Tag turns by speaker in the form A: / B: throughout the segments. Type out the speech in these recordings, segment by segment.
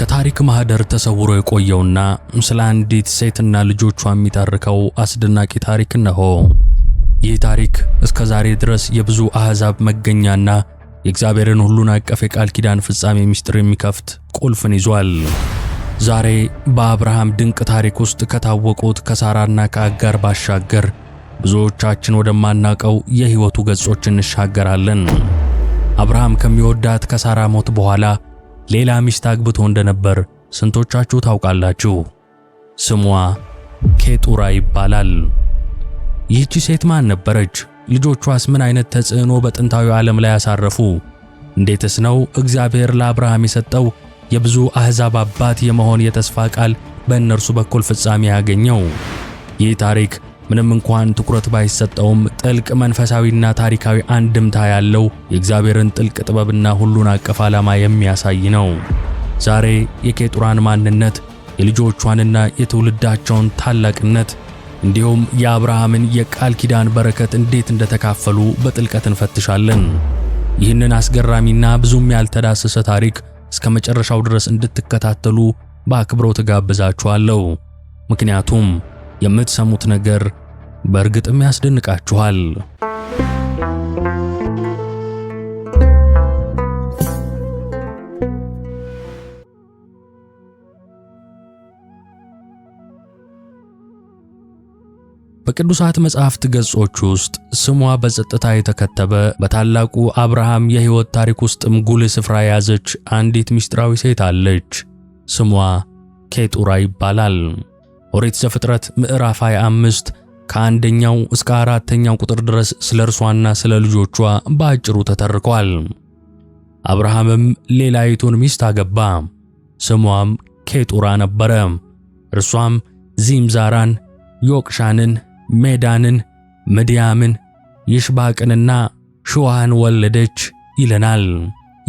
A: ከታሪክ ማህደር ተሰውሮ የቆየውና ስለ አንዲት ሴትና ልጆቿ የሚተርከው አስደናቂ ታሪክ እነሆ። ይህ ታሪክ እስከ ዛሬ ድረስ የብዙ አሕዛብ መገኛና የእግዚአብሔርን ሁሉን አቀፍ የቃል ኪዳን ፍጻሜ ምስጢር የሚከፍት ቁልፍን ይዟል። ዛሬ በአብርሃም ድንቅ ታሪክ ውስጥ ከታወቁት ከሳራና ከአጋር ባሻገር ብዙዎቻችን ወደማናቀው የሕይወቱ ገጾች እንሻገራለን። አብርሃም ከሚወዳት ከሳራ ሞት በኋላ ሌላ ሚስት አግብቶ እንደነበር ስንቶቻችሁ ታውቃላችሁ? ስሟ ኬጡራ ይባላል። ይህቺ ሴት ማን ነበረች? ልጆቿስ ምን አይነት ተጽዕኖ በጥንታዊ ዓለም ላይ ያሳረፉ? እንዴትስ ነው እግዚአብሔር ለአብርሃም የሰጠው የብዙ አሕዛብ አባት የመሆን የተስፋ ቃል በእነርሱ በኩል ፍጻሜ ያገኘው? ይህ ታሪክ ምንም እንኳን ትኩረት ባይሰጠውም ጥልቅ መንፈሳዊና ታሪካዊ አንድምታ ያለው የእግዚአብሔርን ጥልቅ ጥበብና ሁሉን አቀፍ ዓላማ የሚያሳይ ነው። ዛሬ የኬጡራን ማንነት፣ የልጆቿንና የትውልዳቸውን ታላቅነት እንዲሁም የአብርሃምን የቃል ኪዳን በረከት እንዴት እንደተካፈሉ በጥልቀት እንፈትሻለን። ይህንን አስገራሚና ብዙም ያልተዳሰሰ ታሪክ እስከ መጨረሻው ድረስ እንድትከታተሉ በአክብሮት እጋብዛችኋለሁ። ምክንያቱም የምትሰሙት ነገር በእርግጥም ያስደንቃችኋል። በቅዱሳት መጻሕፍት ገጾች ውስጥ ስሟ በጸጥታ የተከተበ በታላቁ አብርሃም የሕይወት ታሪክ ውስጥም ጉልህ ስፍራ የያዘች አንዲት ምስጢራዊ ሴት አለች። ስሟ ኬጡራ ይባላል። ኦሪት ዘፍጥረት ምዕራፍ 25 ከአንደኛው እስከ አራተኛው ቁጥር ድረስ ስለ እርሷና ስለ ልጆቿ በአጭሩ ተተርኳል። አብርሃምም ሌላይቱን ሚስት አገባ፣ ስሟም ኬጡራ ነበረ። እርሷም ዚምዛራን፣ ዮቅሻንን፣ ሜዳንን፣ ምድያምን፣ ይሽባቅንና ሽዋህን ወለደች ይለናል።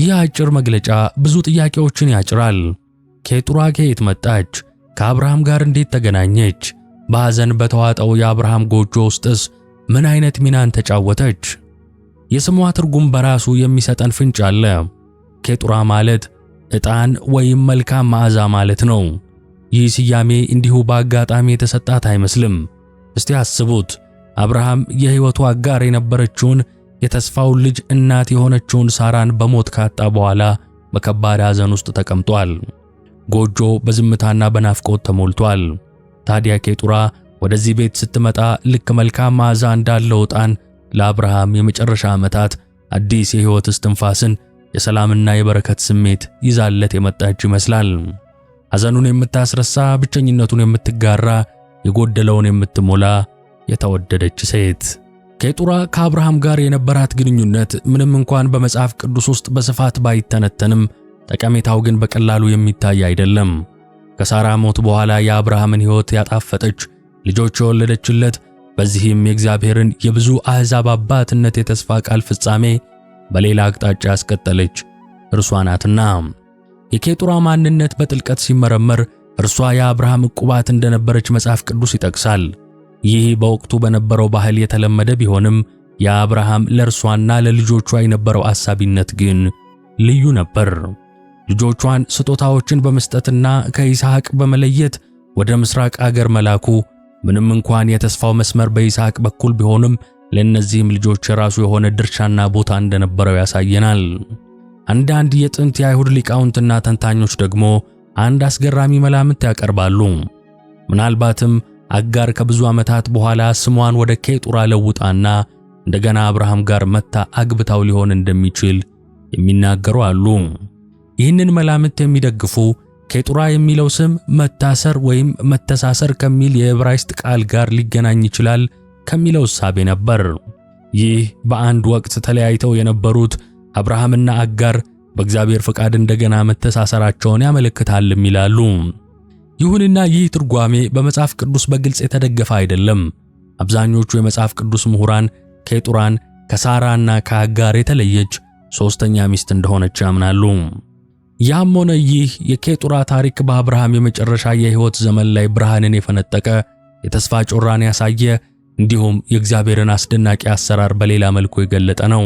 A: ይህ አጭር መግለጫ ብዙ ጥያቄዎችን ያጭራል። ኬጡራ ከየት መጣች? ከአብርሃም ጋር እንዴት ተገናኘች? በሐዘን በተዋጠው የአብርሃም ጎጆ ውስጥስ ምን አይነት ሚናን ተጫወተች? የስሟ ትርጉም በራሱ የሚሰጠን ፍንጭ አለ። ኬጡራ ማለት ዕጣን ወይም መልካም መዓዛ ማለት ነው። ይህ ስያሜ እንዲሁ በአጋጣሚ የተሰጣት አይመስልም። እስቲ አስቡት፣ አብርሃም የሕይወቱ አጋር የነበረችውን የተስፋውን ልጅ እናት የሆነችውን ሳራን በሞት ካጣ በኋላ በከባድ ሐዘን ውስጥ ተቀምጧል። ጎጆ በዝምታና በናፍቆት ተሞልቷል። ታዲያ ኬጡራ ወደዚህ ቤት ስትመጣ ልክ መልካም መዓዛ እንዳለው ዕጣን ለአብርሃም የመጨረሻ ዓመታት አዲስ የሕይወት እስትንፋስን፣ የሰላምና የበረከት ስሜት ይዛለት የመጣች ይመስላል። ሐዘኑን የምታስረሳ፣ ብቸኝነቱን የምትጋራ፣ የጎደለውን የምትሞላ የተወደደች ሴት። ኬጡራ ከአብርሃም ጋር የነበራት ግንኙነት ምንም እንኳን በመጽሐፍ ቅዱስ ውስጥ በስፋት ባይተነተንም ጠቀሜታው ግን በቀላሉ የሚታይ አይደለም። ከሳራ ሞት በኋላ የአብርሃምን ሕይወት ያጣፈጠች ልጆች የወለደችለት በዚህም የእግዚአብሔርን የብዙ አሕዛብ አባትነት የተስፋ ቃል ፍጻሜ በሌላ አቅጣጫ ያስቀጠለች እርሷ ናትና። የኬጡራ ማንነት በጥልቀት ሲመረመር እርሷ የአብርሃም ዕቁባት እንደነበረች መጽሐፍ ቅዱስ ይጠቅሳል። ይህ በወቅቱ በነበረው ባህል የተለመደ ቢሆንም የአብርሃም ለእርሷና ለልጆቿ የነበረው አሳቢነት ግን ልዩ ነበር። ልጆቿን ስጦታዎችን በመስጠትና ከይስሐቅ በመለየት ወደ ምስራቅ አገር መላኩ ምንም እንኳን የተስፋው መስመር በይስሐቅ በኩል ቢሆንም ለእነዚህም ልጆች የራሱ የሆነ ድርሻና ቦታ እንደነበረው ያሳየናል። አንዳንድ የጥንት የአይሁድ ሊቃውንትና ተንታኞች ደግሞ አንድ አስገራሚ መላምት ያቀርባሉ። ምናልባትም አጋር ከብዙ ዓመታት በኋላ ስሟን ወደ ኬጡራ ለውጣና እንደገና አብርሃም ጋር መታ አግብታው ሊሆን እንደሚችል የሚናገሩ አሉ። ይህንን መላምት የሚደግፉ ኬጡራ የሚለው ስም መታሰር ወይም መተሳሰር ከሚል የዕብራይስጥ ቃል ጋር ሊገናኝ ይችላል ከሚለው እሳቤ ነበር። ይህ በአንድ ወቅት ተለያይተው የነበሩት አብርሃምና አጋር በእግዚአብሔር ፈቃድ እንደገና መተሳሰራቸውን ያመለክታልም ይላሉ። ይሁንና ይህ ትርጓሜ በመጽሐፍ ቅዱስ በግልጽ የተደገፈ አይደለም። አብዛኞቹ የመጽሐፍ ቅዱስ ምሁራን ኬጡራን ከሳራና ከአጋር የተለየች ሦስተኛ ሚስት እንደሆነች ያምናሉ። ያም ሆነ ይህ የኬጡራ ታሪክ በአብርሃም የመጨረሻ የሕይወት ዘመን ላይ ብርሃንን የፈነጠቀ የተስፋ ጮራን ያሳየ እንዲሁም የእግዚአብሔርን አስደናቂ አሰራር በሌላ መልኩ የገለጠ ነው።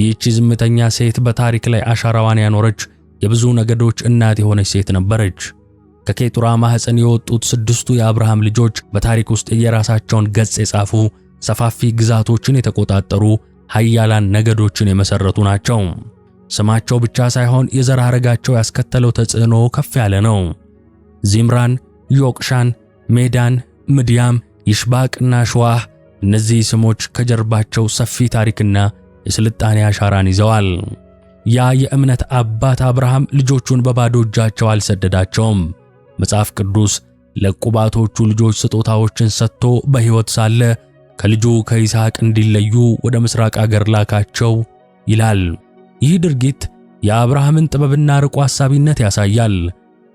A: ይህቺ ዝምተኛ ሴት በታሪክ ላይ አሻራዋን ያኖረች የብዙ ነገዶች እናት የሆነች ሴት ነበረች። ከኬጡራ ማኅፀን የወጡት ስድስቱ የአብርሃም ልጆች በታሪክ ውስጥ የራሳቸውን ገጽ የጻፉ ሰፋፊ ግዛቶችን የተቆጣጠሩ ኃያላን ነገዶችን የመሠረቱ ናቸው። ስማቸው ብቻ ሳይሆን የዘር ሐረጋቸው ያስከተለው ተጽዕኖ ከፍ ያለ ነው። ዚምራን፣ ዮቅሻን፣ ሜዳን፣ ምድያም፣ ይሽባቅና ሹዋህ እነዚህ ስሞች ከጀርባቸው ሰፊ ታሪክና የስልጣኔ አሻራን ይዘዋል። ያ የእምነት አባት አብርሃም ልጆቹን በባዶ እጃቸው አልሰደዳቸውም። መጽሐፍ ቅዱስ ለቁባቶቹ ልጆች ስጦታዎችን ሰጥቶ በሕይወት ሳለ ከልጁ ከይስሐቅ እንዲለዩ ወደ ምሥራቅ አገር ላካቸው ይላል። ይህ ድርጊት የአብርሃምን ጥበብና ርቆ ሐሳቢነት ያሳያል።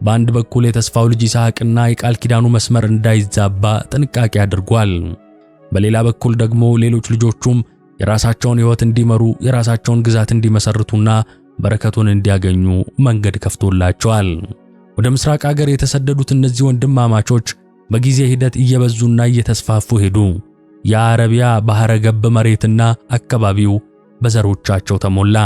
A: በአንድ በኩል የተስፋው ልጅ ይስሐቅና የቃል ኪዳኑ መስመር እንዳይዛባ ጥንቃቄ አድርጓል። በሌላ በኩል ደግሞ ሌሎች ልጆቹም የራሳቸውን ሕይወት እንዲመሩ፣ የራሳቸውን ግዛት እንዲመሰርቱና በረከቱን እንዲያገኙ መንገድ ከፍቶላቸዋል። ወደ ምስራቅ አገር የተሰደዱት እነዚህ ወንድማማቾች በጊዜ ሂደት እየበዙና እየተስፋፉ ሄዱ። የአረቢያ ባሕረ ገብ መሬትና አካባቢው በዘሮቻቸው ተሞላ።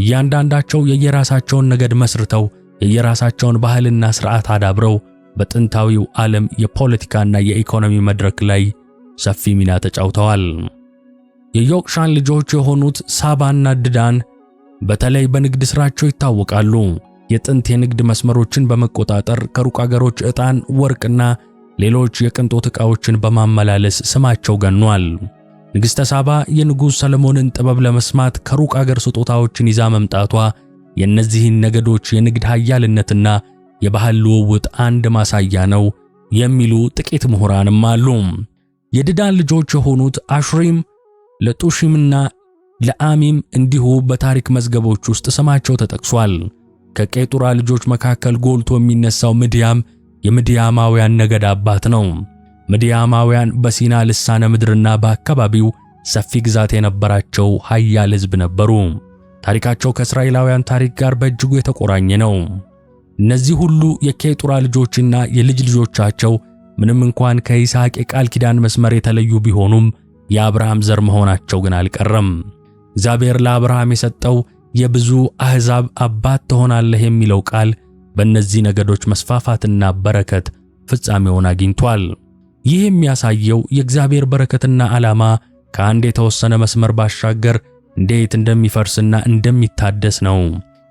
A: እያንዳንዳቸው የየራሳቸውን ነገድ መስርተው የየራሳቸውን ባህልና ሥርዓት አዳብረው በጥንታዊው ዓለም የፖለቲካና የኢኮኖሚ መድረክ ላይ ሰፊ ሚና ተጫውተዋል። የዮቅሻን ልጆች የሆኑት ሳባና ድዳን በተለይ በንግድ ሥራቸው ይታወቃሉ። የጥንት የንግድ መስመሮችን በመቆጣጠር ከሩቅ አገሮች ዕጣን፣ ወርቅና ሌሎች የቅንጦት ዕቃዎችን በማመላለስ ስማቸው ገኗል። ንግሥተ ሳባ የንጉሥ ሰለሞንን ጥበብ ለመስማት ከሩቅ አገር ስጦታዎችን ይዛ መምጣቷ የእነዚህን ነገዶች የንግድ ኃያልነትና የባህል ልውውጥ አንድ ማሳያ ነው የሚሉ ጥቂት ምሁራንም አሉ። የድዳን ልጆች የሆኑት አሽሪም፣ ለጡሺምና ለአሚም እንዲሁ በታሪክ መዝገቦች ውስጥ ስማቸው ተጠቅሷል። ከቄጡራ ልጆች መካከል ጎልቶ የሚነሳው ምድያም የምድያማውያን ነገድ አባት ነው። ምድያማውያን በሲና ልሳነ ምድርና በአካባቢው ሰፊ ግዛት የነበራቸው ኃያል ሕዝብ ነበሩ። ታሪካቸው ከእስራኤላውያን ታሪክ ጋር በእጅጉ የተቆራኘ ነው። እነዚህ ሁሉ የኬጡራ ልጆችና የልጅ ልጆቻቸው ምንም እንኳን ከይስሐቅ የቃል ኪዳን መስመር የተለዩ ቢሆኑም የአብርሃም ዘር መሆናቸው ግን አልቀረም። እግዚአብሔር ለአብርሃም የሰጠው የብዙ አሕዛብ አባት ትሆናለህ የሚለው ቃል በእነዚህ ነገዶች መስፋፋትና በረከት ፍጻሜውን አግኝቷል። ይህ የሚያሳየው የእግዚአብሔር በረከትና ዓላማ ከአንድ የተወሰነ መስመር ባሻገር እንዴት እንደሚፈርስና እንደሚታደስ ነው።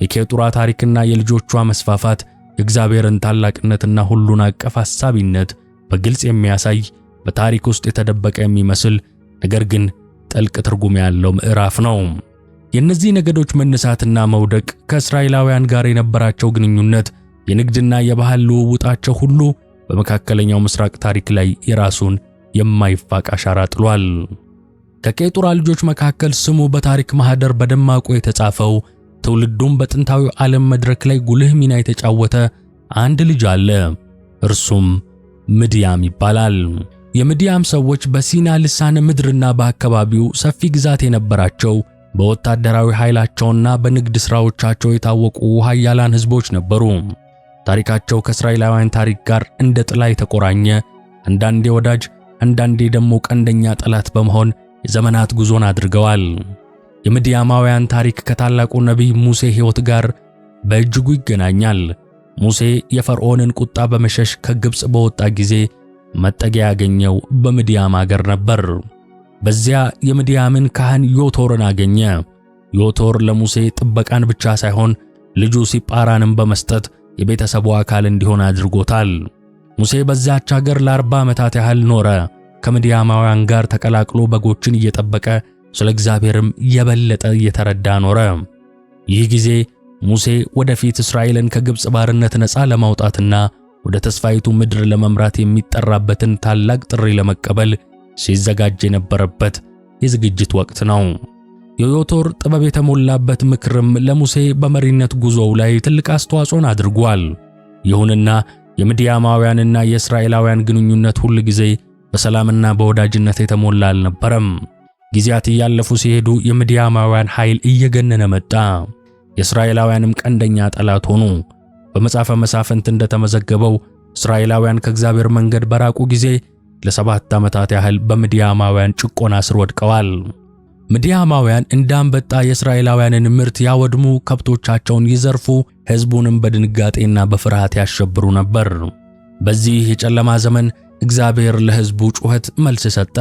A: የኬጡራ ታሪክና የልጆቿ መስፋፋት የእግዚአብሔርን ታላቅነትና ሁሉን አቀፍ አሳቢነት በግልጽ የሚያሳይ በታሪክ ውስጥ የተደበቀ የሚመስል ነገር ግን ጥልቅ ትርጉም ያለው ምዕራፍ ነው። የእነዚህ ነገዶች መነሳትና መውደቅ፣ ከእስራኤላውያን ጋር የነበራቸው ግንኙነት፣ የንግድና የባህል ልውውጣቸው ሁሉ በመካከለኛው ምስራቅ ታሪክ ላይ የራሱን የማይፋቅ አሻራ ጥሏል። ከኬጡራ ልጆች መካከል ስሙ በታሪክ ማህደር በደማቁ የተጻፈው ትውልዱም በጥንታዊ ዓለም መድረክ ላይ ጉልህ ሚና የተጫወተ አንድ ልጅ አለ። እርሱም ምድያም ይባላል። የምድያም ሰዎች በሲና ልሳነ ምድርና በአካባቢው ሰፊ ግዛት የነበራቸው በወታደራዊ ኃይላቸውና በንግድ ሥራዎቻቸው የታወቁ ኃያላን ሕዝቦች ነበሩ። ታሪካቸው ከእስራኤላውያን ታሪክ ጋር እንደ ጥላ የተቆራኘ አንዳንዴ ወዳጅ፣ አንዳንዴ ደግሞ ቀንደኛ ጠላት በመሆን የዘመናት ጉዞን አድርገዋል። የምድያማውያን ታሪክ ከታላቁ ነቢይ ሙሴ ሕይወት ጋር በእጅጉ ይገናኛል። ሙሴ የፈርዖንን ቁጣ በመሸሽ ከግብፅ በወጣ ጊዜ መጠጊያ ያገኘው በምድያም አገር ነበር። በዚያ የምድያምን ካህን ዮቶርን አገኘ። ዮቶር ለሙሴ ጥበቃን ብቻ ሳይሆን ልጁ ሲጳራንም በመስጠት የቤተሰቡ አካል እንዲሆን አድርጎታል። ሙሴ በዚያች አገር ለአርባ ዓመታት ያህል ኖረ። ከምድያማውያን ጋር ተቀላቅሎ በጎችን እየጠበቀ ስለ እግዚአብሔርም የበለጠ እየተረዳ ኖረ። ይህ ጊዜ ሙሴ ወደፊት እስራኤልን ከግብፅ ባርነት ነፃ ለማውጣትና ወደ ተስፋይቱ ምድር ለመምራት የሚጠራበትን ታላቅ ጥሪ ለመቀበል ሲዘጋጅ የነበረበት የዝግጅት ወቅት ነው። የዮቶር ጥበብ የተሞላበት ምክርም ለሙሴ በመሪነት ጉዞው ላይ ትልቅ አስተዋጽኦን አድርጓል። ይሁንና የምድያማውያንና የእስራኤላውያን ግንኙነት ሁል ጊዜ በሰላምና በወዳጅነት የተሞላ አልነበረም። ጊዜያት እያለፉ ሲሄዱ የምድያማውያን ኃይል እየገነነ መጣ። የእስራኤላውያንም ቀንደኛ ጠላት ሆኑ። በመጽሐፈ መሳፍንት እንደተመዘገበው እስራኤላውያን ከእግዚአብሔር መንገድ በራቁ ጊዜ ለሰባት ዓመታት ያህል በምድያማውያን ጭቆና ስር ወድቀዋል። ምድያማውያን እንዳንበጣ የእስራኤላውያንን ምርት ያወድሙ፣ ከብቶቻቸውን ይዘርፉ፣ ሕዝቡንም በድንጋጤና በፍርሃት ያሸብሩ ነበር። በዚህ የጨለማ ዘመን እግዚአብሔር ለሕዝቡ ጩኸት መልስ ሰጠ።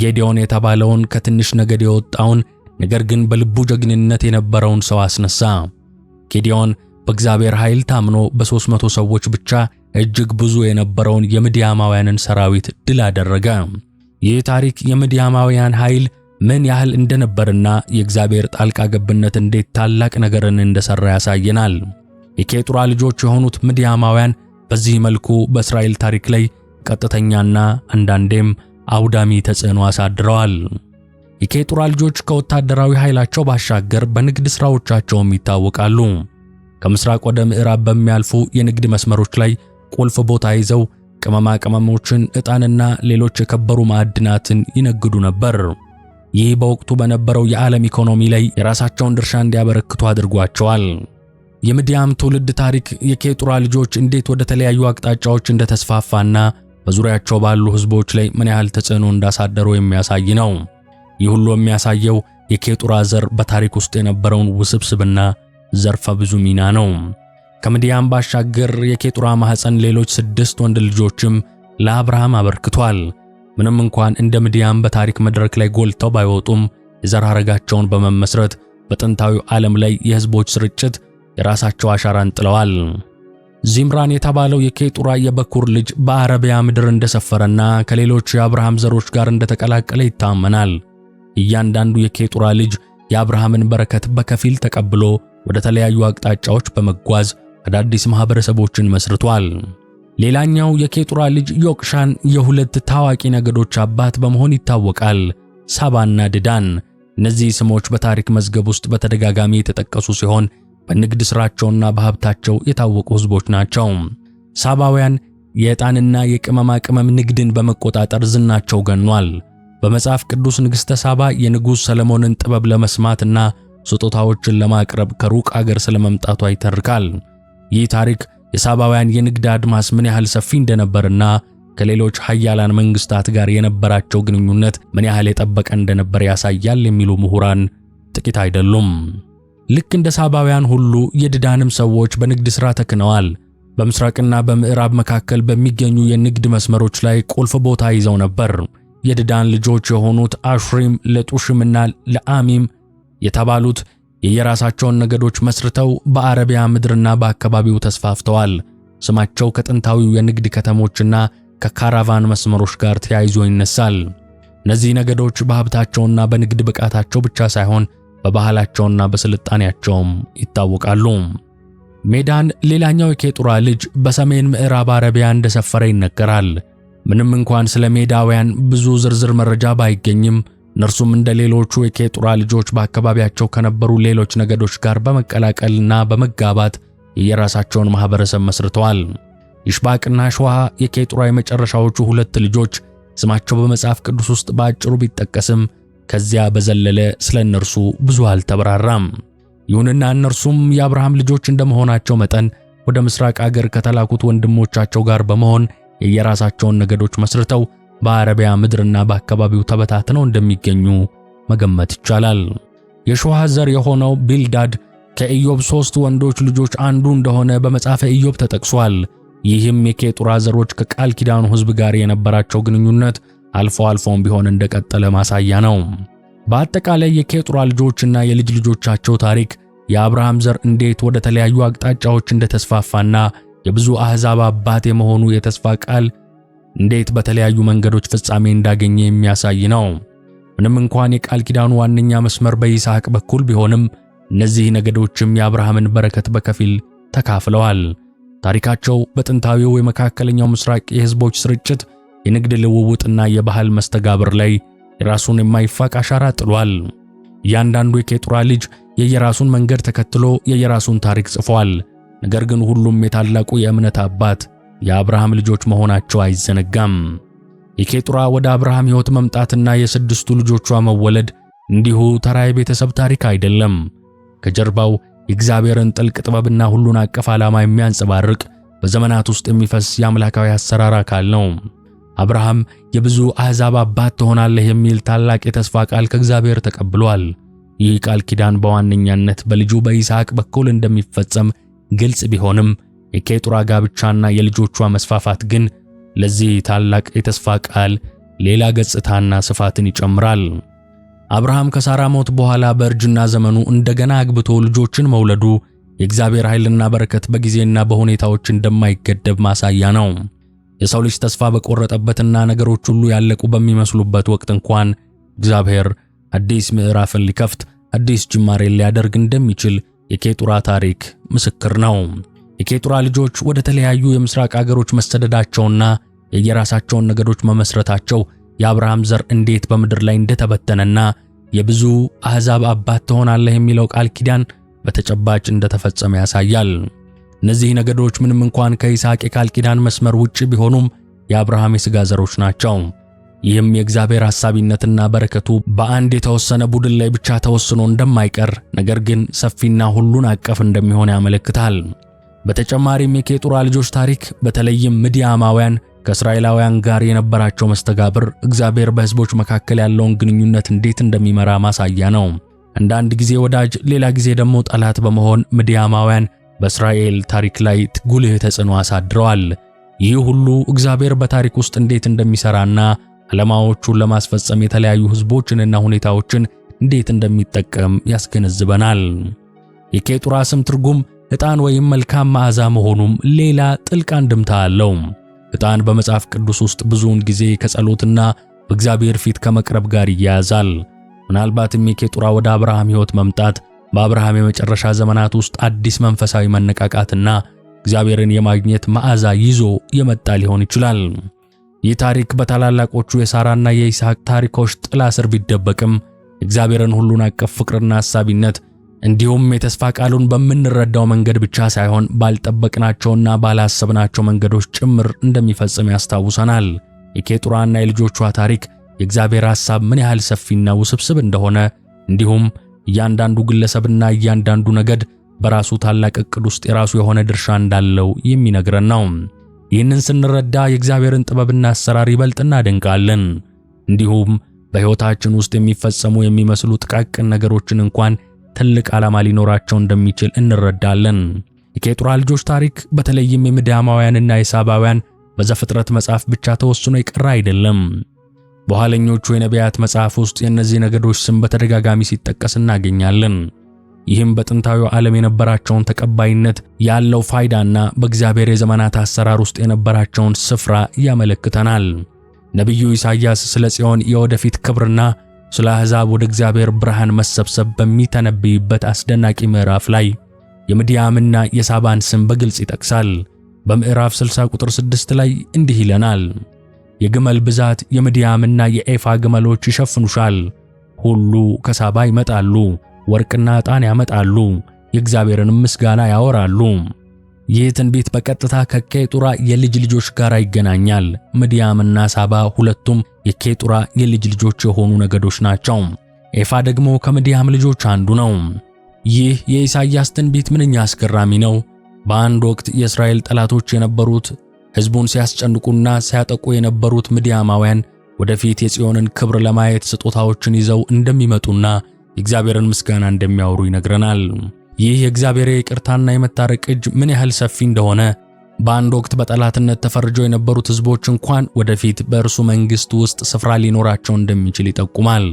A: ጌዴዎን የተባለውን ከትንሽ ነገድ የወጣውን ነገር ግን በልቡ ጀግንነት የነበረውን ሰው አስነሳ። ጌዴዎን በእግዚአብሔር ኃይል ታምኖ በ መቶ ሰዎች ብቻ እጅግ ብዙ የነበረውን የምድያማውያንን ሰራዊት ድል አደረገ። ይህ ታሪክ የምድያማውያን ኃይል ምን ያህል እንደነበርና የእግዚአብሔር ጣልቃ ገብነት እንዴት ታላቅ ነገርን እንደሠራ ያሳየናል። የኬጡራ ልጆች የሆኑት ምድያማውያን በዚህ መልኩ በእስራኤል ታሪክ ላይ ቀጥተኛና አንዳንዴም አውዳሚ ተጽዕኖ አሳድረዋል። የኬጡራ ልጆች ከወታደራዊ ኃይላቸው ባሻገር በንግድ ሥራዎቻቸውም ይታወቃሉ። ከምሥራቅ ወደ ምዕራብ በሚያልፉ የንግድ መስመሮች ላይ ቁልፍ ቦታ ይዘው ቅመማ ቅመሞችን፣ ዕጣንና ሌሎች የከበሩ ማዕድናትን ይነግዱ ነበር። ይህ በወቅቱ በነበረው የዓለም ኢኮኖሚ ላይ የራሳቸውን ድርሻ እንዲያበረክቱ አድርጓቸዋል። የምድያም ትውልድ ታሪክ የኬጡራ ልጆች እንዴት ወደ ተለያዩ አቅጣጫዎች እንደተስፋፋና በዙሪያቸው ባሉ ሕዝቦች ላይ ምን ያህል ተጽዕኖ እንዳሳደሩ የሚያሳይ ነው። ይህ ሁሉ የሚያሳየው የኬጡራ ዘር በታሪክ ውስጥ የነበረውን ውስብስብና ዘርፈ ብዙ ሚና ነው። ከምድያም ባሻገር የኬጡራ ማኅፀን ሌሎች ስድስት ወንድ ልጆችም ለአብርሃም አበርክቷል። ምንም እንኳን እንደ ምድያም በታሪክ መድረክ ላይ ጎልተው ባይወጡም የዘር ሐረጋቸውን በመመስረት በጥንታዊው ዓለም ላይ የሕዝቦች ስርጭት የራሳቸው አሻራን ጥለዋል። ዚምራን የተባለው የኬጡራ የበኩር ልጅ በአረቢያ ምድር እንደሰፈረና ከሌሎች የአብርሃም ዘሮች ጋር እንደተቀላቀለ ይታመናል። እያንዳንዱ የኬጡራ ልጅ የአብርሃምን በረከት በከፊል ተቀብሎ ወደ ተለያዩ አቅጣጫዎች በመጓዝ አዳዲስ ማህበረሰቦችን መስርቷል። ሌላኛው የኬጡራ ልጅ ዮቅሻን የሁለት ታዋቂ ነገዶች አባት በመሆን ይታወቃል፣ ሳባና ድዳን። እነዚህ ስሞች በታሪክ መዝገብ ውስጥ በተደጋጋሚ የተጠቀሱ ሲሆን በንግድ ሥራቸውና በሀብታቸው የታወቁ ሕዝቦች ናቸው። ሳባውያን የዕጣንና የቅመማ ቅመም ንግድን በመቆጣጠር ዝናቸው ገኗል። በመጽሐፍ ቅዱስ ንግሥተ ሳባ የንጉሥ ሰለሞንን ጥበብ ለመስማትና ስጦታዎችን ለማቅረብ ከሩቅ አገር ስለመምጣቷ ይተርካል። ይህ ታሪክ የሳባውያን የንግድ አድማስ ምን ያህል ሰፊ እንደነበርና ከሌሎች ሀያላን መንግስታት ጋር የነበራቸው ግንኙነት ምን ያህል የጠበቀ እንደነበር ያሳያል የሚሉ ምሁራን ጥቂት አይደሉም። ልክ እንደ ሳባውያን ሁሉ የድዳንም ሰዎች በንግድ ሥራ ተክነዋል። በምስራቅና በምዕራብ መካከል በሚገኙ የንግድ መስመሮች ላይ ቁልፍ ቦታ ይዘው ነበር። የድዳን ልጆች የሆኑት አሽሪም፣ ለጡሽምና ለአሚም የተባሉት የየራሳቸውን ነገዶች መስርተው በአረቢያ ምድርና በአካባቢው ተስፋፍተዋል። ስማቸው ከጥንታዊው የንግድ ከተሞችና ከካራቫን መስመሮች ጋር ተያይዞ ይነሳል። እነዚህ ነገዶች በሀብታቸውና በንግድ ብቃታቸው ብቻ ሳይሆን በባህላቸውና በስልጣኔያቸውም ይታወቃሉ። ሜዳን ሌላኛው የኬጡራ ልጅ በሰሜን ምዕራብ አረቢያ እንደሰፈረ ይነገራል። ምንም እንኳን ስለ ሜዳውያን ብዙ ዝርዝር መረጃ ባይገኝም እነርሱም እንደ ሌሎቹ የኬጡራ ልጆች በአካባቢያቸው ከነበሩ ሌሎች ነገዶች ጋር በመቀላቀልና በመጋባት የየራሳቸውን ማህበረሰብ መስርተዋል። ይሽባቅና ሸዋ የኬጡራ የመጨረሻዎቹ ሁለት ልጆች ስማቸው በመጽሐፍ ቅዱስ ውስጥ በአጭሩ ቢጠቀስም ከዚያ በዘለለ ስለ እነርሱ ብዙ አልተብራራም። ይሁንና እነርሱም የአብርሃም ልጆች እንደመሆናቸው መጠን ወደ ምስራቅ አገር ከተላኩት ወንድሞቻቸው ጋር በመሆን የየራሳቸውን ነገዶች መስርተው በአረቢያ ምድርና በአካባቢው ተበታትነው እንደሚገኙ መገመት ይቻላል። የሾሃ ዘር የሆነው ቢልዳድ ከኢዮብ ሦስት ወንዶች ልጆች አንዱ እንደሆነ በመጽሐፈ ኢዮብ ተጠቅሷል። ይህም የኬጡራ ዘሮች ከቃል ኪዳኑ ሕዝብ ጋር የነበራቸው ግንኙነት አልፎ አልፎም ቢሆን እንደቀጠለ ማሳያ ነው። በአጠቃላይ የኬጡራ ልጆችና የልጅ ልጆቻቸው ታሪክ የአብርሃም ዘር እንዴት ወደ ተለያዩ አቅጣጫዎች እንደተስፋፋና የብዙ አሕዛብ አባት የመሆኑ የተስፋ ቃል እንዴት በተለያዩ መንገዶች ፍጻሜ እንዳገኘ የሚያሳይ ነው። ምንም እንኳን የቃል ኪዳኑ ዋነኛ መስመር በይስሐቅ በኩል ቢሆንም እነዚህ ነገዶችም የአብርሃምን በረከት በከፊል ተካፍለዋል። ታሪካቸው በጥንታዊው የመካከለኛው ምስራቅ የሕዝቦች ስርጭት፣ የንግድ ልውውጥና የባህል መስተጋብር ላይ የራሱን የማይፋቅ አሻራ ጥሏል። እያንዳንዱ የኬጡራ ልጅ የየራሱን መንገድ ተከትሎ የየራሱን ታሪክ ጽፏል። ነገር ግን ሁሉም የታላቁ የእምነት አባት የአብርሃም ልጆች መሆናቸው አይዘነጋም። የኬጡራ ወደ አብርሃም ሕይወት መምጣትና የስድስቱ ልጆቿ መወለድ እንዲሁ ተራ የቤተሰብ ታሪክ አይደለም። ከጀርባው የእግዚአብሔርን ጥልቅ ጥበብና ሁሉን አቀፍ ዓላማ የሚያንጸባርቅ በዘመናት ውስጥ የሚፈስ የአምላካዊ አሰራር አካል ነው። አብርሃም የብዙ አሕዛብ አባት ትሆናለህ የሚል ታላቅ የተስፋ ቃል ከእግዚአብሔር ተቀብሏል። ይህ ቃል ኪዳን በዋነኛነት በልጁ በይስሐቅ በኩል እንደሚፈጸም ግልጽ ቢሆንም የኬጡራ ጋብቻና የልጆቿ መስፋፋት ግን ለዚህ ታላቅ የተስፋ ቃል ሌላ ገጽታና ስፋትን ይጨምራል። አብርሃም ከሳራ ሞት በኋላ በእርጅና ዘመኑ እንደገና አግብቶ ልጆችን መውለዱ የእግዚአብሔር ኃይልና በረከት በጊዜና በሁኔታዎች እንደማይገደብ ማሳያ ነው። የሰው ልጅ ተስፋ በቆረጠበትና ነገሮች ሁሉ ያለቁ በሚመስሉበት ወቅት እንኳን እግዚአብሔር አዲስ ምዕራፍን ሊከፍት፣ አዲስ ጅማሬን ሊያደርግ እንደሚችል የኬጡራ ታሪክ ምስክር ነው። የኬጡራ ልጆች ወደ ተለያዩ የምስራቅ አገሮች መሰደዳቸውና የየራሳቸውን ነገዶች መመስረታቸው የአብርሃም ዘር እንዴት በምድር ላይ እንደተበተነና የብዙ አሕዛብ አባት ትሆናለህ የሚለው ቃል ኪዳን በተጨባጭ እንደተፈጸመ ያሳያል። እነዚህ ነገዶች ምንም እንኳን ከይስሐቅ የቃል ኪዳን መስመር ውጪ ቢሆኑም የአብርሃም የሥጋ ዘሮች ናቸው። ይህም የእግዚአብሔር ሐሳቢነትና በረከቱ በአንድ የተወሰነ ቡድን ላይ ብቻ ተወስኖ እንደማይቀር ነገር ግን ሰፊና ሁሉን አቀፍ እንደሚሆን ያመለክታል። በተጨማሪም የኬጡራ ልጆች ታሪክ በተለይም ምድያማውያን ከእስራኤላውያን ጋር የነበራቸው መስተጋብር እግዚአብሔር በሕዝቦች መካከል ያለውን ግንኙነት እንዴት እንደሚመራ ማሳያ ነው። አንዳንድ ጊዜ ወዳጅ፣ ሌላ ጊዜ ደግሞ ጠላት በመሆን ምድያማውያን በእስራኤል ታሪክ ላይ ጉልህ ተጽዕኖ አሳድረዋል። ይህ ሁሉ እግዚአብሔር በታሪክ ውስጥ እንዴት እንደሚሰራና ዓላማዎቹን ለማስፈጸም የተለያዩ ሕዝቦችንና ሁኔታዎችን እንዴት እንደሚጠቀም ያስገነዝበናል። የኬጡራ ስም ትርጉም ዕጣን ወይም መልካም መዓዛ መሆኑም ሌላ ጥልቅ አንድምታ አለው። ዕጣን በመጽሐፍ ቅዱስ ውስጥ ብዙውን ጊዜ ከጸሎትና በእግዚአብሔር ፊት ከመቅረብ ጋር ይያያዛል። ምናልባትም የኬጡራ ወደ አብርሃም ሕይወት መምጣት በአብርሃም የመጨረሻ ዘመናት ውስጥ አዲስ መንፈሳዊ መነቃቃትና እግዚአብሔርን የማግኘት መዓዛ ይዞ የመጣ ሊሆን ይችላል። ይህ ታሪክ በታላላቆቹ የሳራና የይስሐቅ ታሪኮች ጥላ ስር ቢደበቅም እግዚአብሔርን ሁሉን አቀፍ ፍቅርና አሳቢነት እንዲሁም የተስፋ ቃሉን በምንረዳው መንገድ ብቻ ሳይሆን ባልጠበቅናቸውና ባላሰብናቸው መንገዶች ጭምር እንደሚፈጽም ያስታውሰናል። የኬጡራና የልጆቿ ታሪክ የእግዚአብሔር ሐሳብ ምን ያህል ሰፊና ውስብስብ እንደሆነ እንዲሁም እያንዳንዱ ግለሰብና እያንዳንዱ ነገድ በራሱ ታላቅ ዕቅድ ውስጥ የራሱ የሆነ ድርሻ እንዳለው የሚነግረን ነው። ይህንን ስንረዳ የእግዚአብሔርን ጥበብና አሰራር ይበልጥ እናደንቃለን። እንዲሁም በሕይወታችን ውስጥ የሚፈጸሙ የሚመስሉ ጥቃቅን ነገሮችን እንኳን ትልቅ ዓላማ ሊኖራቸው እንደሚችል እንረዳለን። የኬጡራ ልጆች ታሪክ በተለይም የምዳማውያንና የሳባውያን በዘፍጥረት መጽሐፍ ብቻ ተወስኖ የቀረ አይደለም። በኋለኞቹ የነቢያት መጽሐፍ ውስጥ የእነዚህ ነገዶች ስም በተደጋጋሚ ሲጠቀስ እናገኛለን። ይህም በጥንታዊ ዓለም የነበራቸውን ተቀባይነት ያለው ፋይዳና በእግዚአብሔር የዘመናት አሰራር ውስጥ የነበራቸውን ስፍራ ያመለክተናል። ነቢዩ ኢሳይያስ ስለ ጽዮን የወደፊት ክብርና ስለ አሕዛብ ወደ እግዚአብሔር ብርሃን መሰብሰብ በሚተነብይበት አስደናቂ ምዕራፍ ላይ የምድያምና የሳባን ስም በግልጽ ይጠቅሳል። በምዕራፍ 60 ቁጥር 6 ላይ እንዲህ ይለናል፣ የግመል ብዛት የምድያምና የኤፋ ግመሎች ይሸፍኑሻል፣ ሁሉ ከሳባ ይመጣሉ፣ ወርቅና ዕጣን ያመጣሉ፣ የእግዚአብሔርን ምስጋና ያወራሉ። ይህ ትንቢት በቀጥታ ከኬጡራ የልጅ ልጆች ጋር ይገናኛል። ምድያምና ሳባ ሁለቱም የኬጡራ የልጅ ልጆች የሆኑ ነገዶች ናቸው። ኤፋ ደግሞ ከምድያም ልጆች አንዱ ነው። ይህ የኢሳይያስ ትንቢት ምንኛ አስገራሚ ነው! በአንድ ወቅት የእስራኤል ጠላቶች የነበሩት ሕዝቡን ሲያስጨንቁና ሲያጠቁ የነበሩት ምድያማውያን ወደፊት የጽዮንን ክብር ለማየት ስጦታዎችን ይዘው እንደሚመጡና የእግዚአብሔርን ምስጋና እንደሚያወሩ ይነግረናል። ይህ የእግዚአብሔር የቅርታና የመታረቅ እጅ ምን ያህል ሰፊ እንደሆነ በአንድ ወቅት በጠላትነት ተፈርጀው የነበሩት ሕዝቦች እንኳን ወደፊት በእርሱ መንግሥት ውስጥ ስፍራ ሊኖራቸው እንደሚችል ይጠቁማል።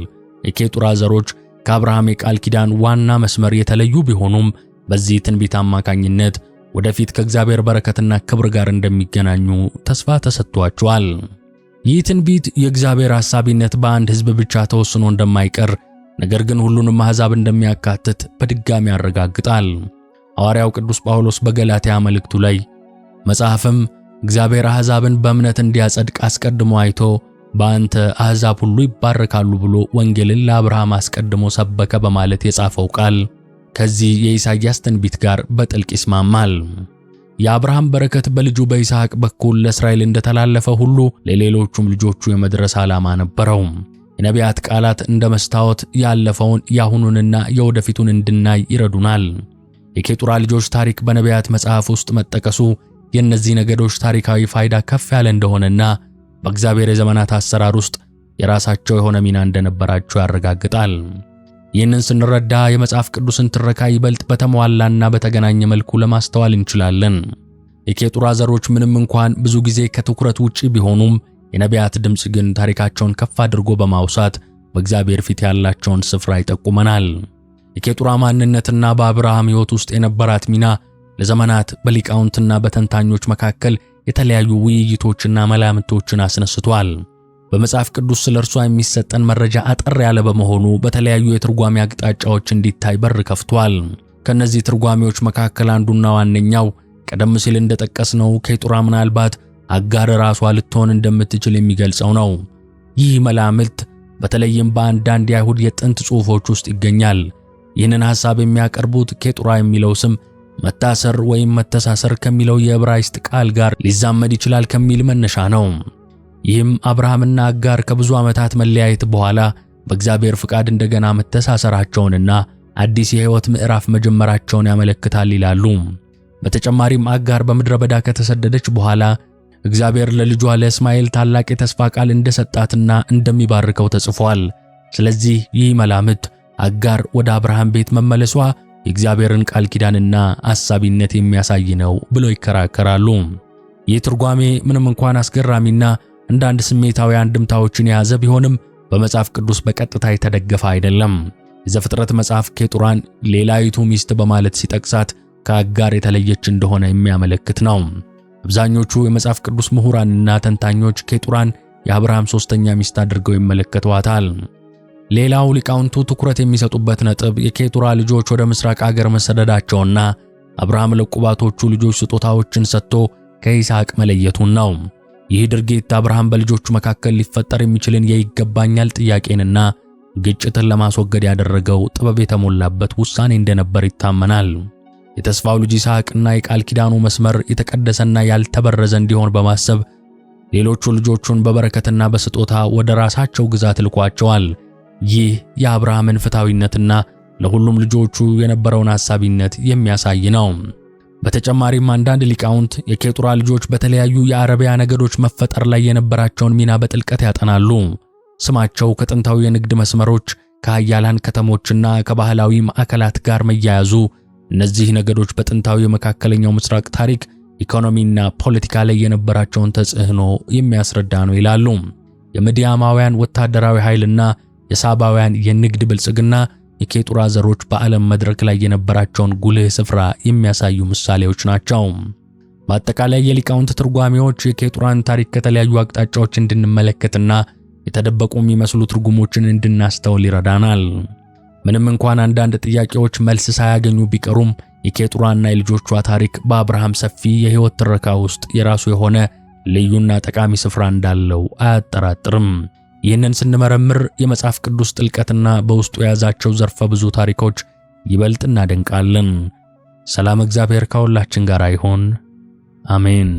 A: የኬጡራ ዘሮች ከአብርሃም የቃል ኪዳን ዋና መስመር የተለዩ ቢሆኑም በዚህ ትንቢት አማካኝነት ወደፊት ከእግዚአብሔር በረከትና ክብር ጋር እንደሚገናኙ ተስፋ ተሰጥቷቸዋል። ይህ ትንቢት የእግዚአብሔር አሳቢነት በአንድ ሕዝብ ብቻ ተወስኖ እንደማይቀር ነገር ግን ሁሉንም አሕዛብ እንደሚያካትት በድጋሚ ያረጋግጣል። ሐዋርያው ቅዱስ ጳውሎስ በገላትያ መልእክቱ ላይ መጽሐፍም እግዚአብሔር አሕዛብን በእምነት እንዲያጸድቅ አስቀድሞ አይቶ በአንተ አሕዛብ ሁሉ ይባረካሉ ብሎ ወንጌልን ለአብርሃም አስቀድሞ ሰበከ በማለት የጻፈው ቃል ከዚህ የኢሳይያስ ትንቢት ጋር በጥልቅ ይስማማል። የአብርሃም በረከት በልጁ በይስሐቅ በኩል ለእስራኤል እንደተላለፈ ሁሉ ለሌሎቹም ልጆቹ የመድረስ ዓላማ ነበረው። የነቢያት ቃላት እንደ መስታወት ያለፈውን የአሁኑንና የወደፊቱን እንድናይ ይረዱናል። የኬጡራ ልጆች ታሪክ በነቢያት መጽሐፍ ውስጥ መጠቀሱ የእነዚህ ነገዶች ታሪካዊ ፋይዳ ከፍ ያለ እንደሆነና በእግዚአብሔር የዘመናት አሰራር ውስጥ የራሳቸው የሆነ ሚና እንደነበራቸው ያረጋግጣል። ይህንን ስንረዳ የመጽሐፍ ቅዱስን ትረካ ይበልጥ በተሟላና በተገናኘ መልኩ ለማስተዋል እንችላለን። የኬጡራ ዘሮች ምንም እንኳን ብዙ ጊዜ ከትኩረት ውጪ ቢሆኑም የነቢያት ድምፅ ግን ታሪካቸውን ከፍ አድርጎ በማውሳት በእግዚአብሔር ፊት ያላቸውን ስፍራ ይጠቁመናል። የኬጡራ ማንነትና በአብርሃም ሕይወት ውስጥ የነበራት ሚና ለዘመናት በሊቃውንትና በተንታኞች መካከል የተለያዩ ውይይቶችና መላምቶችን አስነስቷል። በመጽሐፍ ቅዱስ ስለ እርሷ የሚሰጠን መረጃ አጠር ያለ በመሆኑ በተለያዩ የትርጓሜ አቅጣጫዎች እንዲታይ በር ከፍቷል። ከእነዚህ ትርጓሜዎች መካከል አንዱና ዋነኛው ቀደም ሲል እንደጠቀስነው ኬጡራ ምናልባት አጋር ራሷ ልትሆን እንደምትችል የሚገልጸው ነው። ይህ መላምት በተለይም በአንዳንድ የአይሁድ የጥንት ጽሑፎች ውስጥ ይገኛል። ይህንን ሐሳብ የሚያቀርቡት ኬጡራ የሚለው ስም መታሰር ወይም መተሳሰር ከሚለው የዕብራይስጥ ቃል ጋር ሊዛመድ ይችላል ከሚል መነሻ ነው። ይህም አብርሃምና አጋር ከብዙ ዓመታት መለያየት በኋላ በእግዚአብሔር ፍቃድ እንደገና መተሳሰራቸውንና አዲስ የሕይወት ምዕራፍ መጀመራቸውን ያመለክታል ይላሉ። በተጨማሪም አጋር በምድረ በዳ ከተሰደደች በኋላ እግዚአብሔር ለልጇ ለእስማኤል ታላቅ የተስፋ ቃል እንደሰጣትና እንደሚባርከው ተጽፏል። ስለዚህ ይህ መላምት አጋር ወደ አብርሃም ቤት መመለሷ የእግዚአብሔርን ቃል ኪዳንና አሳቢነት የሚያሳይ ነው ብለው ይከራከራሉ። ይህ ትርጓሜ ምንም እንኳን አስገራሚና አንዳንድ ስሜታዊ አንድምታዎችን የያዘ ቢሆንም በመጽሐፍ ቅዱስ በቀጥታ የተደገፈ አይደለም። የዘፍጥረት መጽሐፍ ኬጡራን ሌላይቱ ሚስት በማለት ሲጠቅሳት ከአጋር የተለየች እንደሆነ የሚያመለክት ነው። አብዛኞቹ የመጽሐፍ ቅዱስ ምሁራንና ተንታኞች ኬጡራን የአብርሃም ሦስተኛ ሚስት አድርገው ይመለከቷታል። ሌላው ሊቃውንቱ ትኩረት የሚሰጡበት ነጥብ የኬጡራ ልጆች ወደ ምስራቅ አገር መሰደዳቸውና አብርሃም ለቁባቶቹ ልጆች ስጦታዎችን ሰጥቶ ከይስሐቅ መለየቱን ነው። ይህ ድርጊት አብርሃም በልጆቹ መካከል ሊፈጠር የሚችልን የይገባኛል ጥያቄንና ግጭትን ለማስወገድ ያደረገው ጥበብ የተሞላበት ውሳኔ እንደነበር ይታመናል። የተስፋው ልጅ ይስሐቅና የቃል ኪዳኑ መስመር የተቀደሰና ያልተበረዘ እንዲሆን በማሰብ ሌሎቹ ልጆቹን በበረከትና በስጦታ ወደ ራሳቸው ግዛት ልኳቸዋል። ይህ የአብርሃምን ፍትሐዊነትና ለሁሉም ልጆቹ የነበረውን አሳቢነት የሚያሳይ ነው። በተጨማሪም አንዳንድ ሊቃውንት የኬጡራ ልጆች በተለያዩ የአረቢያ ነገዶች መፈጠር ላይ የነበራቸውን ሚና በጥልቀት ያጠናሉ። ስማቸው ከጥንታዊ የንግድ መስመሮች ከአያላን ከተሞችና ከባህላዊ ማዕከላት ጋር መያያዙ እነዚህ ነገዶች በጥንታዊ የመካከለኛው ምስራቅ ታሪክ፣ ኢኮኖሚና ፖለቲካ ላይ የነበራቸውን ተጽዕኖ የሚያስረዳ ነው ይላሉ። የምድያማውያን ወታደራዊ ኃይልና የሳባውያን የንግድ ብልጽግና የኬጡራ ዘሮች በዓለም መድረክ ላይ የነበራቸውን ጉልህ ስፍራ የሚያሳዩ ምሳሌዎች ናቸው። በአጠቃላይ የሊቃውንት ትርጓሜዎች የኬጡራን ታሪክ ከተለያዩ አቅጣጫዎች እንድንመለከትና የተደበቁ የሚመስሉ ትርጉሞችን እንድናስተውል ይረዳናል። ምንም እንኳን አንዳንድ ጥያቄዎች መልስ ሳያገኙ ቢቀሩም የኬጡራና የልጆቿ ታሪክ በአብርሃም ሰፊ የሕይወት ትረካ ውስጥ የራሱ የሆነ ልዩና ጠቃሚ ስፍራ እንዳለው አያጠራጥርም። ይህንን ስንመረምር የመጽሐፍ ቅዱስ ጥልቀትና በውስጡ የያዛቸው ዘርፈ ብዙ ታሪኮች ይበልጥ እናደንቃለን። ሰላም፣ እግዚአብሔር ከሁላችን ጋር ይሆን። አሜን።